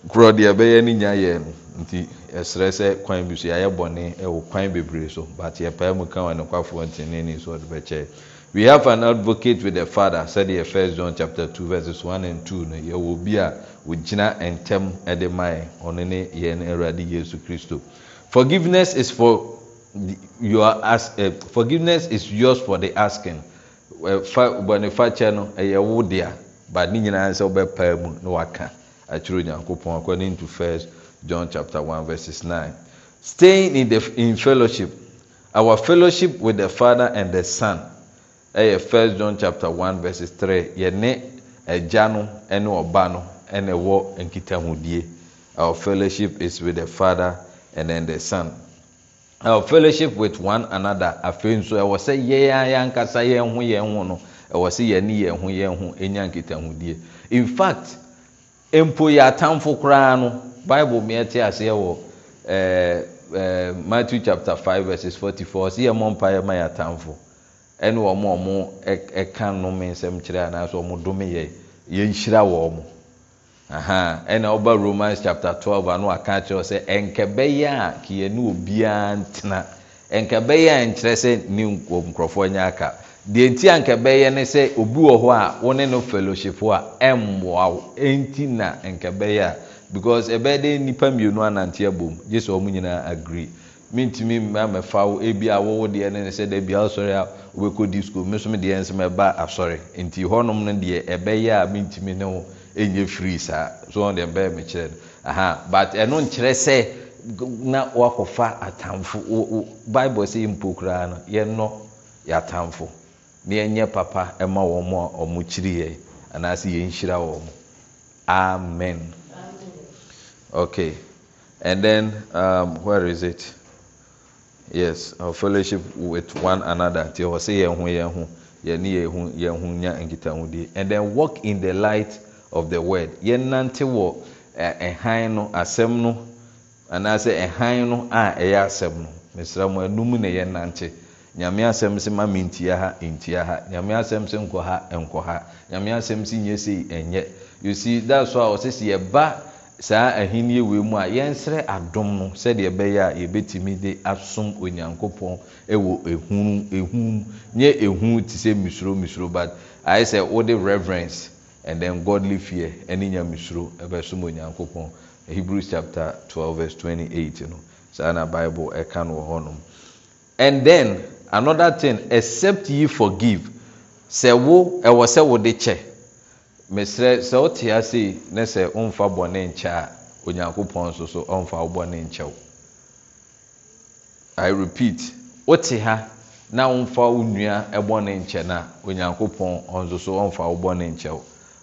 korɔ deɛ ɛbɛyɛ ne nya yɛ no nti ɛsrɛ sɛ kwan bi so yɛayɛ bɔne ɛwɔ kwan bebree so but yɛpae mu ka wɔ ne kwafoɔ ntene ni so ɔde bɛkyɛɛ we have an advocate with the father Said sɛdeɛ first john chapter two verses one and two no yɛwɔ bi a wogyina ntɛm ɛde mayɛ ɔno ne yɛn awurade yesu kristo forgiveness is for your ask uh, eh, forgiveness is yours for the asking eh, fa bɔnifakyɛ no ɛyɛ eh, wo dea ba ne nyinaa sɛ wobɛpaa mu na waka akyerɛ onyankopɔn according to first john chapter one verses nine staying in the in fellowship our fellowship with the father and the son. ɛyɛ 1s john chape 1v3 yɛne agya no ne ɔba no ne wɔ nkitahodie ou felowship is with the father nte son ou felowship with one another afeiso ɛwɔ sɛ yɛɛyɛ ankasa yɛhoyɛho no ɛwɔ sɛ yɛne yɛhoɛhoɛnyanktahodi infact mpo yɛ atamfo koraa no bible meɛte ase yɛwɔ eh, eh, matthew c544 ɔ sɛ yɛmmɔ mpa yɛma yɛ atamfo ɛne ọmụ ɔmo ɛka nnome nsɛm kyerɛ anaasɛ ɔmo dome yɛ yɛnhyira wɔ ɛna ɔba romans chapter twelve ano aka kyerɛ sɛ ɛnkɛ ya a kiyɛne obiara ntena ɛnkɛ a nkyerɛ sɛ ne nkurɔfoɔ nyɛ aka deɛ nti a nkɛ ne sɛ a ne no a na a because ɛbɛyɛ nnipa mmienu anante abom gye sɛ nyinaa agree mentumi mamɛfa wo ebi a wowo deɛ ne ne sɛ da bia oh, ah, wosɔre a wobɛkɔ di sukuu me som deɛ nso mɛba asɔre nti hɔnom no deɛ ɛbɛyɛ a mentumi ne ho ɛnyɛ firi saa so wɔn deɛ mbɛyɛ mekyerɛ no aha but ɛno eh, nkyerɛ sɛ na wakɔfa atamfo wo wo bible sɛ mpo koraa no yɛnɔ yɛ atamfo na yɛnyɛ papa ɛma wɔn a wɔn kyiri yɛ anaasɛ yɛn wɔn amen okay and then um, where is it. yes our fellowship with one another nti ɛwɔ sɛ yɛn ho yɛn ho yɛn ne yɛn ho yɛn ho nya nkitahodie and then walk in the light of the word yɛn nante wɔ ɛhan no asɛm no anaasɛ ɛhan no a ɛyɛ asɛm no mesra mo anum na yɛn nante nyame asɛm sɛ ma me ntia ha ntia ha nyame asɛm sɛ nkɔ ha nkɔ ha nyame asɛm sɛ nyɛ sei ɛnyɛ you see that's why ɔsɛ sɛ yɛba saa ahenni wei mu a yɛnsrɛ adom no sɛdeɛ ɛbɛyɛ a yɛbɛtumi de asom onyankopɔn wɔ ehunu ehum nye ehun te sɛ misuro misuro but ayɛ sɛ wode reverence and then godly fear ɛne nya misuro ɛbɛsom onyankopɔn Hebrews chapter twelve verse twenty-eight no saa na Bible ɛka no wɔ hɔnom and then another thing except ye forgive sɛ wo ɛwɔ sɛ wode kyɛ. mesrɛ sɛ wote ase ne sɛ womfa bɔne nkyɛ a onyankopɔn nso so ɔmfa wobɔne nkyɛwo i repeat wote ha na womfa wo nnua bɔne nkyɛ no a onyankopɔn ɔnso so ɔmfa wobɔne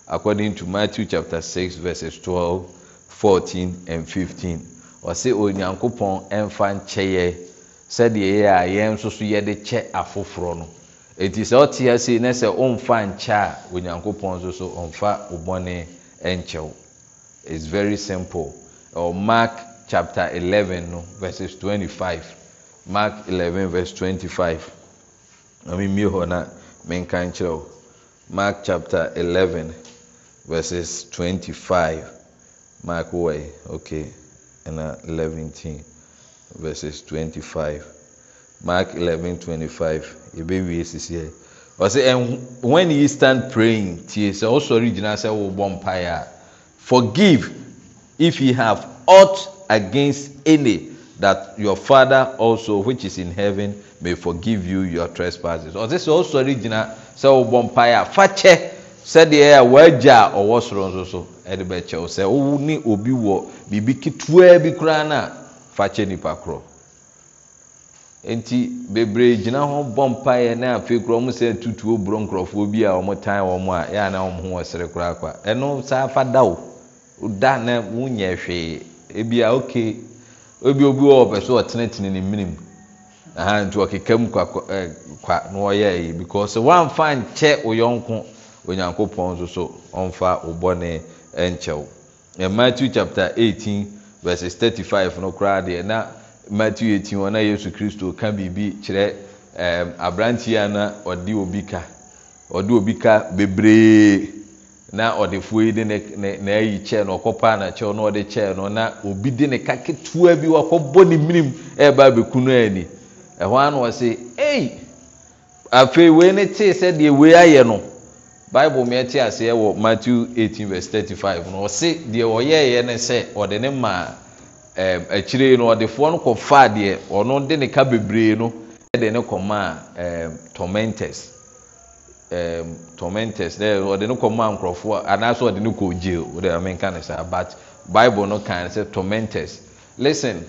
according to matthew chapter 6 verses 12 14 and 15 ɔse onyankopɔn ɛmfa nkyɛ sɛdeɛ yɛ a yɛn nso so yɛde kyɛ afoforɔ no ɛti sɛ otea sei nɛ sɛ womfa nkyɛ a onyankopɔn so so ɔmfa wobɔne nkyɛ wo its very simple ɛwɔ mark chapter 11 no vs 25 mark 11v25 amemmie hɔ na menka nkyerɛ wo mark chapte 11 v25 mark wwe k ɛna 11 v 25 mark eleven twenty five. 11:25 ebewie sisi yɛ ɔsɛ and when you stand praying tie sɛ ɔsɔre gyina sɛ ɔbɔ mpaeɛ a forgive if you have ought against any that your father also which is in heaven may forgive you your trespasses ɔsɛ sɛ ɔsɔre gyina sɛ ɔbɔ mpaeɛ a fakyɛ sɛdeɛ a wagya a ɔwɔ soro nso so ɛde bɛkyɛw sɛ ɔwɔ ne obi wɔ biribi ketewa bi koraa na fakyɛ nipa korɔ nti bebree gyina ho bɔ mpaeɛ na afei koraa ɔmo sɛ tutuo buro nkurɔfoɔ bi a ɔmo tan wɔn a yɛa na ɔmo ho ɔsere koraa kwa ɛno saa fa da o da na mo nyɛ hwee ebi a oke obi obi wɔ ɔpɛ so ɔtenetene ne minim aha nti ɔkeka mu kwa ɛɛ kwa na ɔyɛ yi because wɔamfa nkyɛ oyɔnko onyankopɔn nso so ɔmfa ɔbɔ ne ɛnkyɛw Matthew chapter eighteen verses thirty-five no koraa deɛ na matthew eighteen, wɔn a yesu kristo ka biribi kyerɛ ɛɛm aberanteɛ a na ɔde obi ka ɔde obi ka bebree na ɔdefoɔ yi de ne ne ayi kyɛɛ no ɔkɔ paa na kyɛw na ɔde kyɛɛ no na obi de ne ka ketewa bi wakɔbɔ ne minim ɛɛba abɛku no ani ɛhɔ ano ɔse ɛyi afei wei ne tee sɛdeɛ wei ayɛ no bible mmeɛ te aseɛ wɔ matthew eighteen verse 35 no ɔse deɛ ɔyɛɛyɛ ne sɛ ɔde ne maa akyirei no ɔdefoɔ no kɔfaa deɛ ɔno de ne ka bebree no de ne kɔmaa tormenters tormenters ɔde ne kɔmaa nkurɔfoɔ anaasɛ ɔde ne kɔ gyee wode amenka no saa but bible no kaa sɛ tormenters listen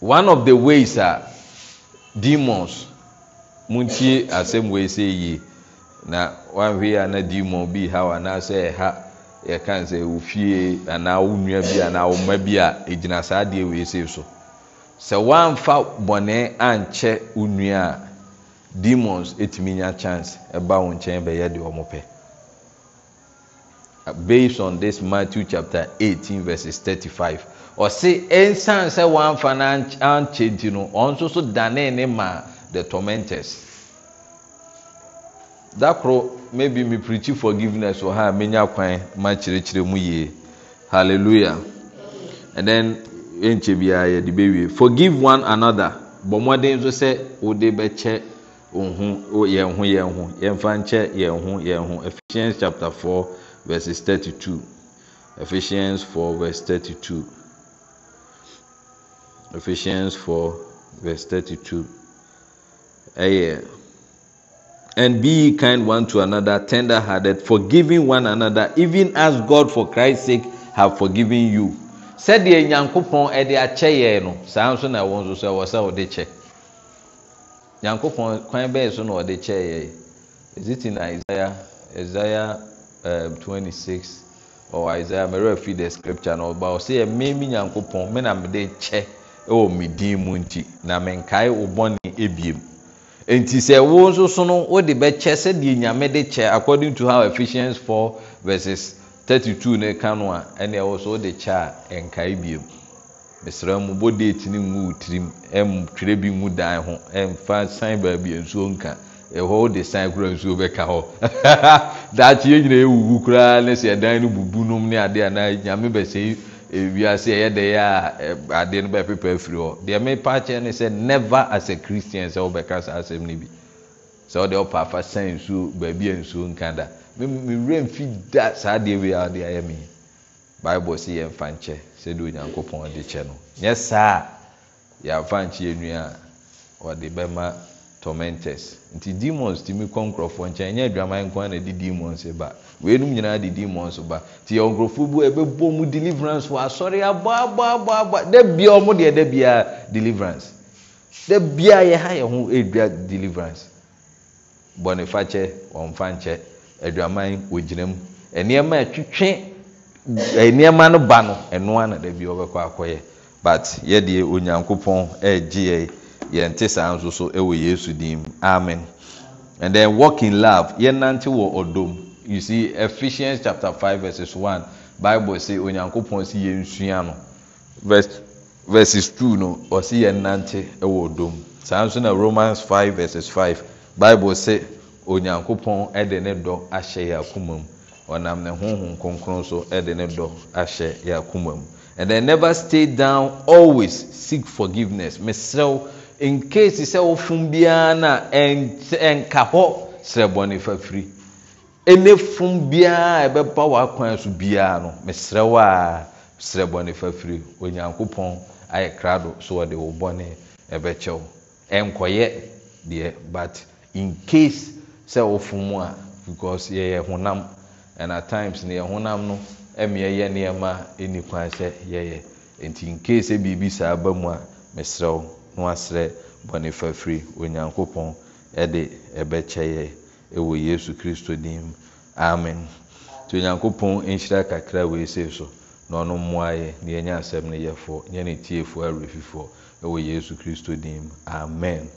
one of the ways a demons montie asɛm wei sɛ yie na wanhwei a na demon bi ha anaasɛ ɛha yɛka n sɛ ofie anaa wo nua bi anaa wo mma bi a ɛgyina saa adeɛ wei sei so sɛ woamfa bɔne ankyɛ wo nua a demons ɛtumi nya chance ɛba wo nkyɛn bɛyɛ deɛ ɔmo pɛ based on this Matthew chapter eighteen verses 35 ɔse ɛnsan sɛ woamfa no ankyɛ nti no ɔnso so danee ne ma the tormentors da koro meybi meprikyi forgiveness wɔ haa mɛnya kwan ma kyerɛkyerɛ mu yie halleluya and ten ɛnkyɛ bia yɛde bɛwie forgive one another bɔ mɔden so sɛ wode bɛkyɛ hyɛ ho yɛ ho yɛmfa nkyɛ yɛ ho yɛho efsians ap432 fns2fsns 32 ɛyɛ ndbi yi kind one to another tender harded forgiving one another even as god for christ sake has forgiven you sɛdeɛ nyankopɔn ɛde akyɛ yɛe no saa nso ne ɛwɔ so so ɛwɔ sɛ wode kyɛ nyankopɔn kwan bɛɛ so ne ɔde kyɛyɛe ɛsitin isaiah isaiah 26 um, isaiah mareafi de scripture no b ɔ sɛ yɛmem nyankopɔn me na mede kyɛ wɔ me din mu nti na menkae wo bɔne biem nti sɛ wo nso so no wode bɛkyɛ sɛdeɛ nyame de kyɛ according to how Ephesians 4 verses 32 ne ka no a ɛne ɛwɔ so wode kyɛ a ɛnkae biom mesrɛ mu bɔde tini ngu wo tirim ɛmtwerɛ bi ngu dan ho ɛmfa san baabi a nsuo nka ɛhɔ wode san kora nsuo bɛka hɔ daakye yɛ nyina yɛwuwu koraa ne sɛ ɛdan no bubu nom ne ade anaa nyame bɛsɛi ewiase ɛyɛ deɛ a adeɛ no bɛyɛ pepa afiri hɔ deɛ mepa akyerɛ ne sɛ never as a christian sɛ wobɛka saa asɛm no bi sɛ wode ɔpa afa san nsuo baabi a nsuo nka da mewura mfi da saa deɛ wei a wode ayɛ me bible sɛ yɛmfa nkyɛ sɛdeɛ onyankopɔn de kyɛ no nyɛ saa a yɛamfa nkyɛ yɛnnua a wɔde bɛma tormentors nti demons tumi kɔ nkurɔfoɔ nkyɛn ɛnyɛ adwaman nko na ɛde demons ba wɛnum nyinaa de demons ba te yɛ nkurɔfoɔ bu ɛbɛbɔ mu deliverance wɔ asɔre aboaboaboa da bia ɔmo deɛ da bia deliverance da bia yɛ ha yɛ ho edua deliverance bɔnifa kyɛ ɔnfa nkyɛ adwaman ogyina mu nneɛma ɛtwitwe eh, nneɛma no ba no ɛnoa na da bia ɔbɛkɔ akɔyɛ but yɛ deɛ onyankopɔn ɛɛgye yɛ. yɛnte saa nso so wɔ yesu dim amen and then walk in love nante wɔ ɔdom you see ephesians chapter five verses one bible say onyankopɔn si yɛnsua no verse verses two no ɔsi yɛnante wɔ ɔdom saa nso na romans five verses five bible say onyankopɔn ɛde ne dɔ ahyɛ yɛ akoma mu ɔnam ne honhom kronkron so ɛde ne dɔ ahyɛ yɛ akoma mu and then never stay down always seek forgiveness mesrɛw. nkesi sɛ wofom oh, biara na ɛnka hɔ srɛ bɔne fafiri ɛne fom biara a ɛbɛba w'akwan so biara no mesrɛ w a srɛ bɔne fafiri onyankopɔn ayɛ krado so wɔde wo bɔne ɔbɛkyɛw ɛnkɔyɛ deɛ but in case sɛ wofom a because yɛyɛ honam and at times no yɛ honam no meɛyɛ nneɛma ɛni kwan sɛ yɛyɛ ɛnti in case sɛ biribi saa ba mu a mesrɛ wo na wasrɛ bɔne fafiri onyankopɔn ɛde ɛbɛkyɛyɛ ɛwɔ yesu kristo dim amen nti onyankopɔn nhyira kakra wei sei so na ɔno mmoayɛ na yɛnyɛ asɛm no yɛfoɔ yɛne tiefoɔ awerɛ fifoɔ ɛwɔ yesu kristo dim amen